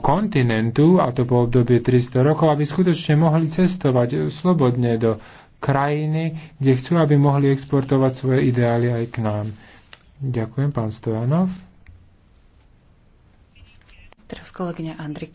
kontinentu, a to po obdobie 300 rokov, aby skutočne mohli cestovať slobodne do krajiny, kde chcú, aby mohli exportovať svoje ideály aj k nám. Ďakujem, pán Stojanov. Teraz kolegyňa Andrik